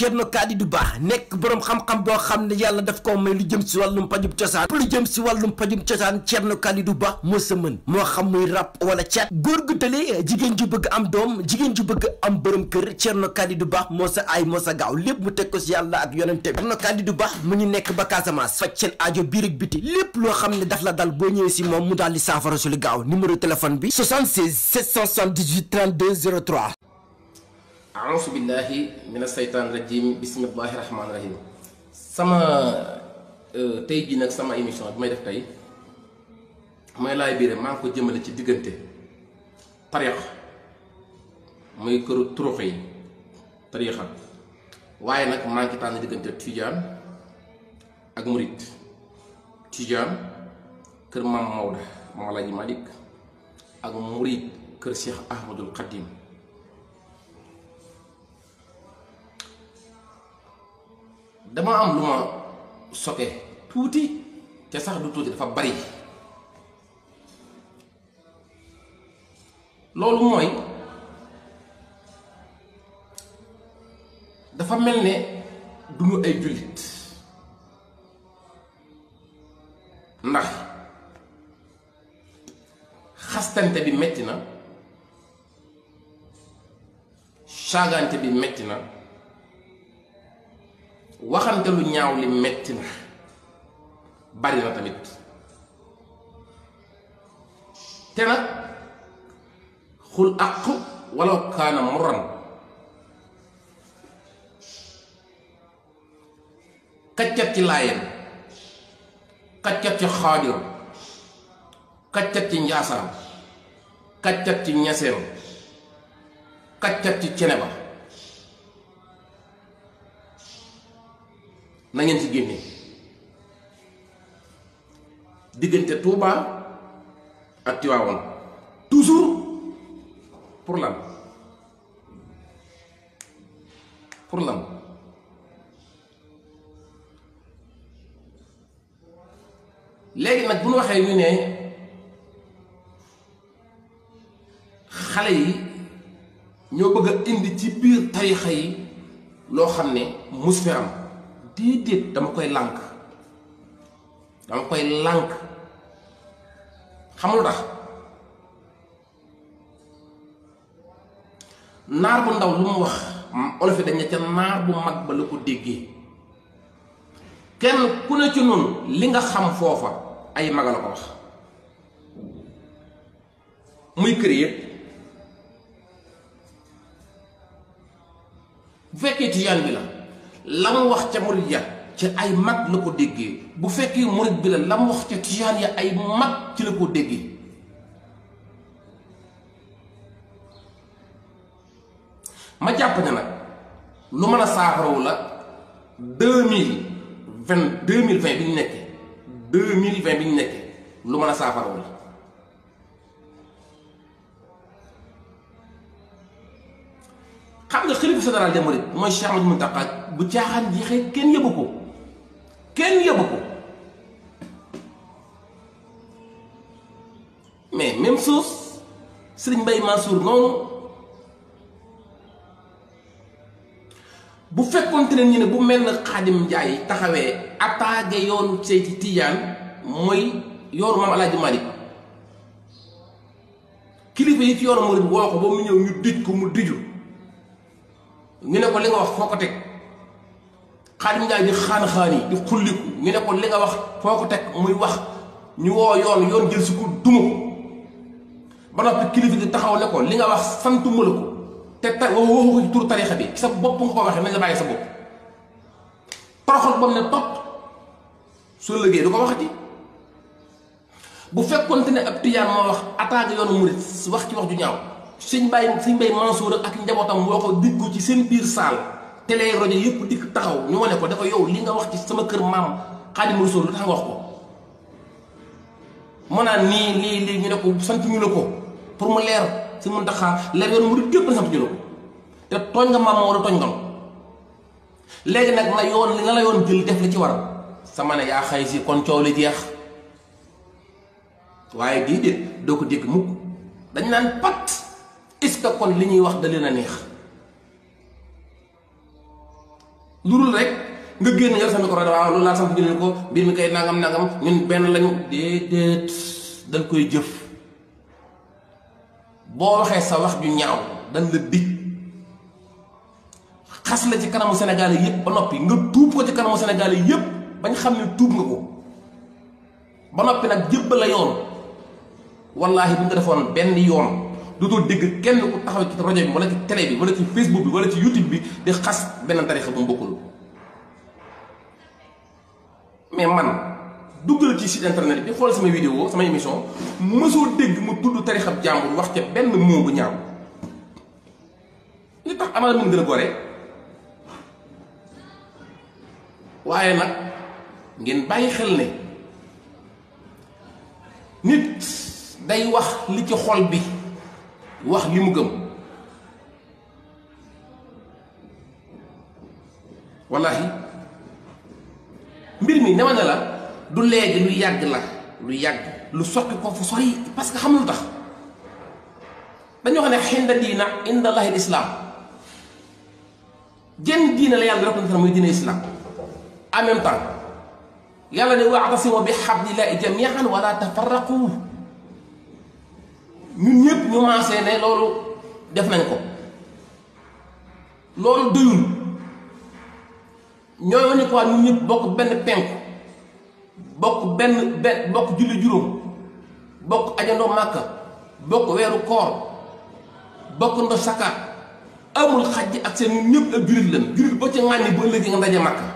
Thierno du baax nekk boroom xam-xam boo xam ne yàlla daf koo may lu jëm si wàllum pajum cosaan lu jëm si wàllum pajum cosaan Thierno Kadidou Ba moo sa mën moo xam muy rap wala cat góor gu tële jigéen ju bëgg am doom jigéen ju bëgg am boroom kër Thierno Kadidou Ba moo sa aay moo sa gaaw lépp mu teg ko yàlla ak yonente bi Thierno du baax mu ñu nekk ba Casamance faj seen aajo biir ak biti lépp loo xam ne daf la dal boo ñëwee si moom mu daal di saafara su li gaaw numéro téléphone bi 76 778 32 03 ausu billahi min aseytaan rajim bismillahi rahmaani rahim sama euh, tey jii nag sama émission bi may def tey may laay biire maa ngi ko jëmale ci diggante tariix muy këru turux tariixa waaye nag maa ngi tànn diggante tijaan ak murit tijaan kër maam Maodo Maam Alaaji Malik ak murit kër Cheikh Ahmadul Xadim dama am lu ma soke tuuti te sax du tuuti dafa bari loolu mooy dafa mel ne duñu ay jullit ndax xastante bi metti na saagante bi metti na waxante lu ñaaw li metti na bari na tamit te nag xul àq walaw kaana murran kaccat ci laayeen kaccat ci xaadir kaccat ci njaasaan kaccat ci ñaseen kaccat ci cene ba nangeen ngeen ci génnee diggante Touba ak Tivaouane toujours pour lan pour lan léegi nag bu ñu waxee ñu ne xale yi ñoo bëgga a indi ci biir tarixa yi loo xam ne mus déedéet dama koy lànk dama koy lànk xamul tax naar bu ndaw lu mu wax olof dañ ne ca naar bu mag ba la ko déggee kenn ku ne ci noonu li nga xam foofa ay maga la wax muy kër yëpp bu fekkee ci yaan bi la la mu wax ca murit ya ci ay mag la ko déggee bu fekkee murit bi la la mu wax ca tijaan ya ay mag ci la ko déggee ma jàpp ne nag lu mën a saafarawu la deux mille vingt deux mille vingt bi ñu nekkee deux mille vingt bi ñu nekkee lu mën a saafarawu la xam nga xalifa général des mourides mooy Cheikh Ahmadou Mountakha bu caaxaan jeexee kenn yëbu ko kenn yëbu ko mais même chose Serigne Mbaye Mansour noonu bu fekkonte ne ñu bu mel na Xaadim Njaay taxawee attaqué yoonu Seyti Tijaan mooy yoonu maam Malik kilifa yi ci yoonu murid woo ko ba mu ñëw ñu dij ko mu diju ñu ne ko li nga wax foo ko teg Xaadim Njaay di xaan xaan di xulliku ñu ne ko li nga wax foo ko teg muy wax ñu woo yoon yoon jël si ko duma ko noppi kilifa di taxaw ne ko li nga wax santuma la te ta waxu ko ci bi sa bopp nga ko waxee nañ la bàyyi sa bopp toroxal bam ne topp su liggéey du bu fekkonte ne ab tijaan moo wax attaque yoonu murit wax ci wax ju ñaaw sëñ Baye sëñ Baye Mansour ak njabootam woo ko diggu ci seen biir saal télé rajo yëpp dikk taxaw ñu ne ko dafa yow li nga wax ci sama kër maam Xaadimu Rasuul lu tax nga wax ko. mu naan nii ñu ne ko ñu la ko pour mu leer si mun taxaa leer yoon mu di gépp sant ñu ko léegi nag na yoon li nga la yoon jël def li ci war sama ne yaa xay si kon coow li jeex waaye déedéet doo ko dégg mukk dañ naan pat est kon li ñuy wax da a neex lu dul rek nga génn nga sa micro waaw loolu laa sant ñu leen ko mbir mi kay nangam nangam ñun benn lañu déedéet dañ koy jëf boo waxee sa wax ju ñaaw dañ la xas la ci kanamu Sénégal yépp ba noppi nga tuub ko ci kanamu Sénégal yépp bañ xam ne tuub na ko ba noppi nag jëbba la yoon wallaahi bu nga defoon benn yoon. du doo dégg kenn ku taxaw ci rajo bi wala ci télé bi wala ci Facebook bi wala ci YouTube bi di xas benn tarixa bu mu bokkul mais man duggal ci site internet bi xool sama vidéo sama émission mësoo dégg mu tudd tarixab jàmbur wax ca benn moo bu ñaaw li tax amal mun gën gore waaye nag ngeen bàyyi xel ne nit day wax li ci xol bi wax li mu gëm wallahi mbir mi nema ne la du léegi lu yàgg la lu yàgg lu soq ko fu sori parce que xam lu tax dañoo xam ne xinda diina inda lahi jën jenn diina la yàlla reconnaître muy diina islam en même temps yàlla ne wa'tasimu bi hablillahi jamian wala tafarraqu ñun ñëpp ñu maasee ne loolu def nañ ko loolu doyul ñooñu ni quoi ñun ñëpp bokk benn penku bokk benn benn bokk julli juróom bokk ajandoo màkka bokk weeru koor bokk ndo sakaat amul xaj ak seen ñun ñëpp ak jullit lan jullit boo ci ŋàññi ba léegi nga ndaje màkka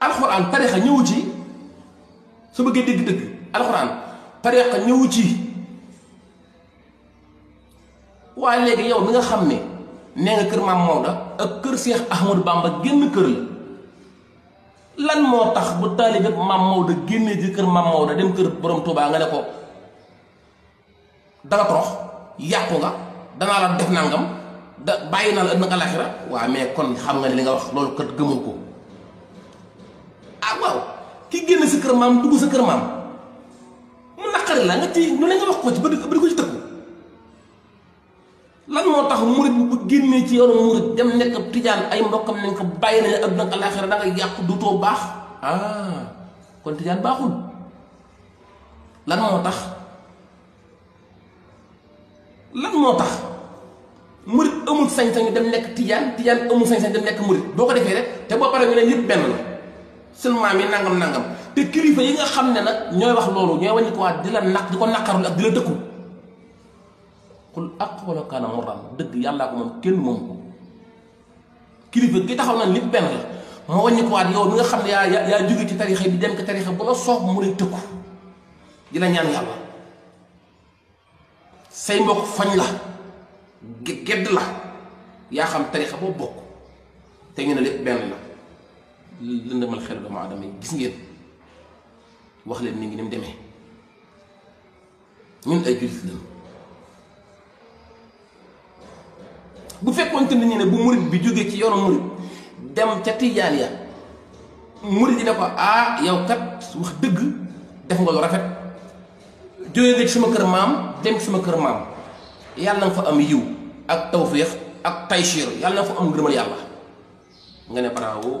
alxuraan tarixa ñëwu ci su bëggee dégg dëgg alxuraan tariqa ñëwu ci waaye léegi yow mi nga xam ne nee kër maam Maodo ak kër Seex Ahmadu Bamba génn kër la lan moo tax bu taalibe maam Maodo génnee ci kër maam Maodo dem kër borom Touba nga ne ko danga torox yàqu nga danaa la def nangam da bàyyi naa la ëpp nga laaxira waaw mais kon xam nga ne li nga wax loolu kat gëmul ko ah ki génn si kër maam dugg sa kër maam na naqari la nga ci nu ne nga wax koo ci ba di ko ci tëkku lan moo tax murit bu génnee ci yoonu murit dem nekk ab tijaan ay mbokkam nañ ko bàyyi nañ ak nag alaxira da nga yàqu dutoo baax ah kon tijaan baaxul lan moo tax lan moo tax murit amul sañ-sañu dem nekk tijaan tijaan amul sañ-sañ dem nekk murit boo ko defee rek te boo paree ñu ne yëpp benn la seen maam yi nangam nangam te kilifa yi nga xam ne nag ñooy wax loolu ñooy wàññi ko waa di la naq di ko naqarul ak di la xul ak wala kaana muran dëgg yàllaa ko moom gi taxaw nañ lépp benn la moo wàññi ko waat yow mi nga xam ne yaa yaa jóge ci tarixa bi dem ko tarixa bu la soob mu lay tëkku di la ñaan yàlla say mbokk fañ la gedd la yaa xam tarixa boo bokk te ñu ne lépp benn la lëndëmal xelu doomu aadama yi gis ngeen wax leen ni ngi ni mu demee ñun ay jullit lañu bu fekkoon ne ñu ne bu murit bi jógee ci yoonu murit dem ca tijaan ya murit dina ko ah yow kat wax dëgg def nga lu rafet jógee nga ci sama kër maam dem ci sama kër maam yàlla na fa am yiw ak tawféex ak taysiir yàlla na fa am ngërëmal yàlla nga ne bravo